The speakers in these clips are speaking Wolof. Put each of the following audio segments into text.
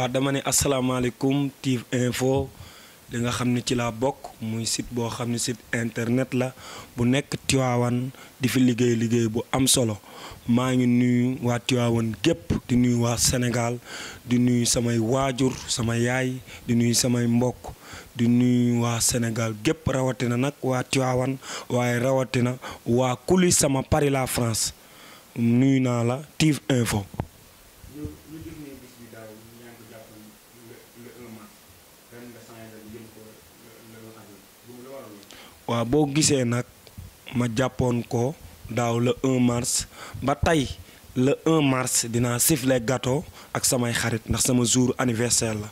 wa dama ne alaykum tiv info li nga xamni ci la bok muy site bo xamni site internet la bu tiawan tiwawan di fi liggéey liggéey bu am solo ma ngi nuyu wa tiwawan gep di nuyu wa senegal di nuyu samay wajur sama yaay di nuyu samay mbok di nuyu wa senegal gep rawatina nak wa Tiwaawan waaye rawatina wa kuli sama Paris la France nuyu na la tiv info waaw boo gisee nag ma jàppoon ko daaw le un mars ba tey le un mars dinaa sifle gato ak samay xarit ndax sama jour anniversaire la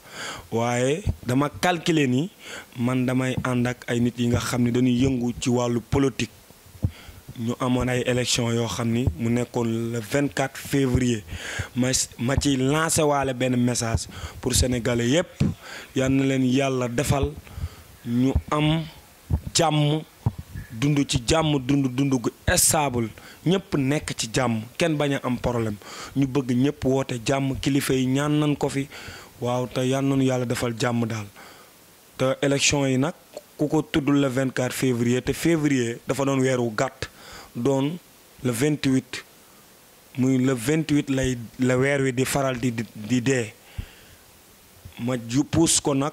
waaye dama calculer ni man damay ànd ak ay nit yi nga xam ne dañuy yëngu ci wàllu politique ñu amoon ay élection yoo xam ni mu nekkoon le 24 février ma ma ciy lancé waale benn message pour sénégalais yépp yal na leen yàlla defal ñu am jàmm dund ci jàmm dund dund gu stable ñëpp nekk ci jàmm kenn bañ a am problème ñu bëgg ñëpp woote jàmm kilifa yi ñaan nañ ko fi waaw te yal nañu yàlla defal jàmm daal te élection yi nag ku ko tudd le 24 février te février dafa doon weer wu gàtt doon le 28 muy le 28 lay la weer wi di faral di di dee ma puus ko nag.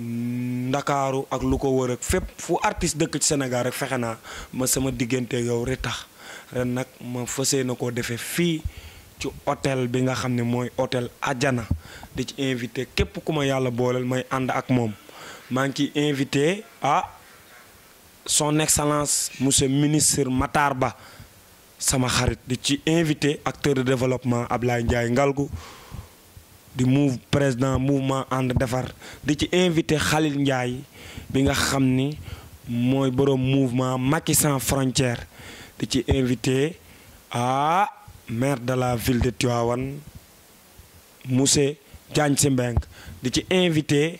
ndakaaru ak lu ko wër ak fépp fu artiste dëkk ci Sénégal rek fexe naa ma sama diggante yow re tax ren nag ma fësee na koo defee fii ci hôtel bi nga xam ne mooy hôtel Adjana di ci invité képp ku ma yàlla booleel may ànd ak moom maa ngi ciy invité ah son excellence monsieur ministre Matar Ba sama xarit di ci invité acteur de développement Ablaye Ndiaye Ngalgu du move président mouvement André defar di ci invité Khalil Ndiaye bi nga xamni moy borom mouvement Macky sans frontières di ci invité la maire de la ville de Tiawan Moussé Diagne Simbeng di ci invité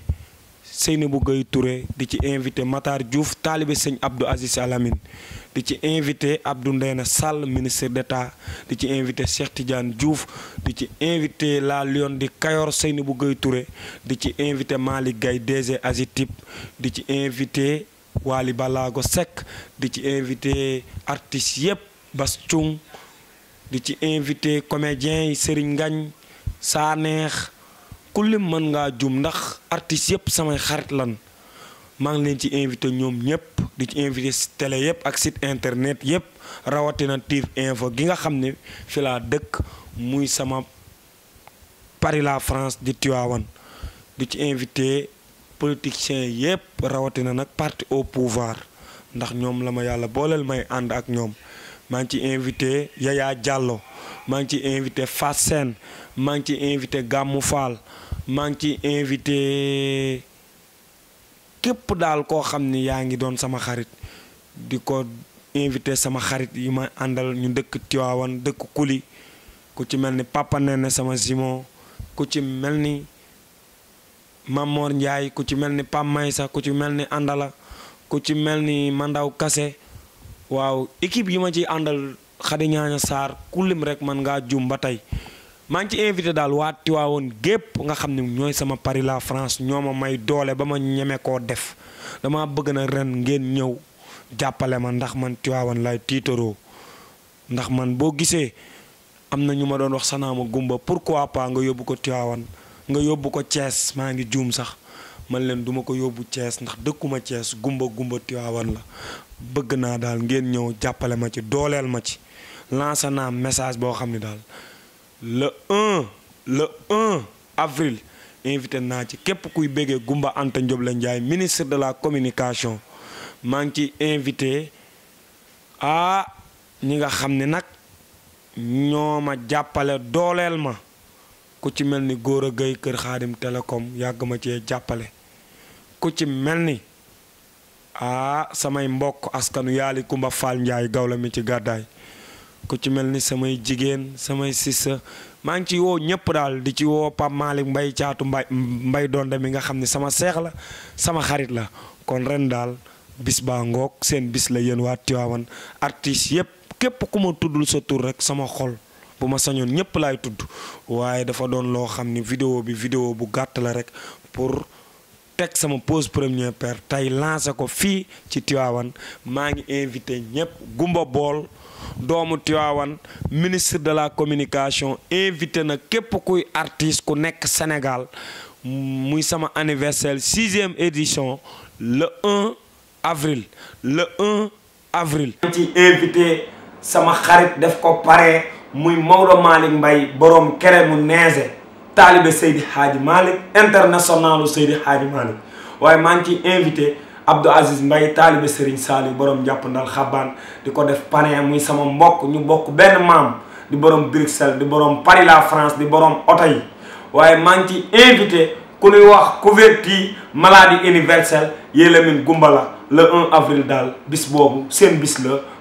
Seynabou Gueye Touré di ci invité Matar Diouf Talibé Seyn Abdou Aziz Alamin, di ci invité Abdou ministre d'État Diouf la Lion de Kayor Seynabou Gueye Touré di ci invité Malik Gaye DG invité Wali Balago Sek, invité artistes Yep, Bastoung, invité ku lim mën ngaa jum ndax artistes yëpp samay xarit lan maa ngi leen ci invité ñoom ñëpp di ci invité si télé yëpp ak site internet yëpp rawatina TIV info gi nga xam ne fi laa dëkk muy sama Paris la France di Tivaouane di ci invité politiciens yëpp rawatina nag parti au pouvoir ndax ñoom la ma yàlla booleel may ànd ak ñoom maa ngi ci invité Yaya Diallo maa ngi ci invité Fass maa ngi ci invité gàmmu Fall maa ngi ci invité képp daal koo xam ni yaa ngi doon sama xarit di ko invité sama xarit yi ma àndal ñu dëkk Tiwaawan dëkk Kuli ku ci mel ni Papa Nene sama Simon ku ci mel ni Mamor Ndiaye ku ci mel ni Pam Maysa ku ci mel ni àndala ku ci mel ni Mandaw Kase Wow, ikib yi ma ci àndal xadi ñaaña kulim rek man ngaa jum ba tey maa ngi ci invité daal waa Tiwaawoon nga xam ne ñooy sama Paris la France ñoo ma may doole ba ma ñeme koo def dama bëgg na ren ngeen ñëw jàppale ma ndax man Tiwaawoon lay tiitaroo ndax man boo gisee am na ñu ma doon wax sanaama gumba pourquoi pas nga yóbbu ko Tiwaawoon nga yóbbu ko Thiès maa ngi juum sax man leen duma ko yóbbu Thiès ndax dëkkuma Thiès gumba gumba Tiwaawoon la bëgg naa daal ngeen ñëw jàppale ma ci dooleel ma ci lancé naa message boo xam ne daal le 1 le 1 avril invité naa ci képp kuy béggee gumba Anta Diop la Ndiaye ministre de la communication maa ngi ci invité ah ñi nga xam ni nag ñoo ma jàppale dooleel ma ku ci mel ni Gora Gueye Kër Xaadim Télécom yàgg ma cee jàppale ku ci mel ni a ah, samay mbok askanu yali Kumba fal nday gawla mi ci gaday ku ci melni ni samay jigen samay sisse mang ci wo dal di ci wo pa malik Mbay caatu mbay mbay donde mi nga xamni sama cheikh la sama xarit la kon ren dal bis ba sen sen bis la yeen wa artis, artiste yep kep ku tuddul sa tour rek sama xol bu ma sañon ñëpp lay tudd waye dafa don lo xamni ni bi video bu gatt la rek pour teg sama pose premier père tey lancé ko fi ci Tivaouane mangi invité ñep Gumba Bol, doomu Tivaouane ministre de la communication invité na kep kuy artiste ku nekk Sénégal muy sama anniversaire sixième édition le 1 avril le 1 avril. ci invité sama xarit def ko paré muy Maodo malik Mbaye borom kere mu neeze. taalibe Seydi Hadji Malick internationalu Seydi Hadji Malick waaye maa ngi ciy invité Abdou Aziz Mbaye taalibe Serigne Saliou borom jàppandal xabaan di ko def parrain muy sama mbokk ñu bokk benn maam di borom Bruxelles di borom Paris la France di borom oto waaye maa ngi ciy invité ku ñuy wax couverture maladie universelle Yellamine Goumbala le un avril daal bis boobu seen bis la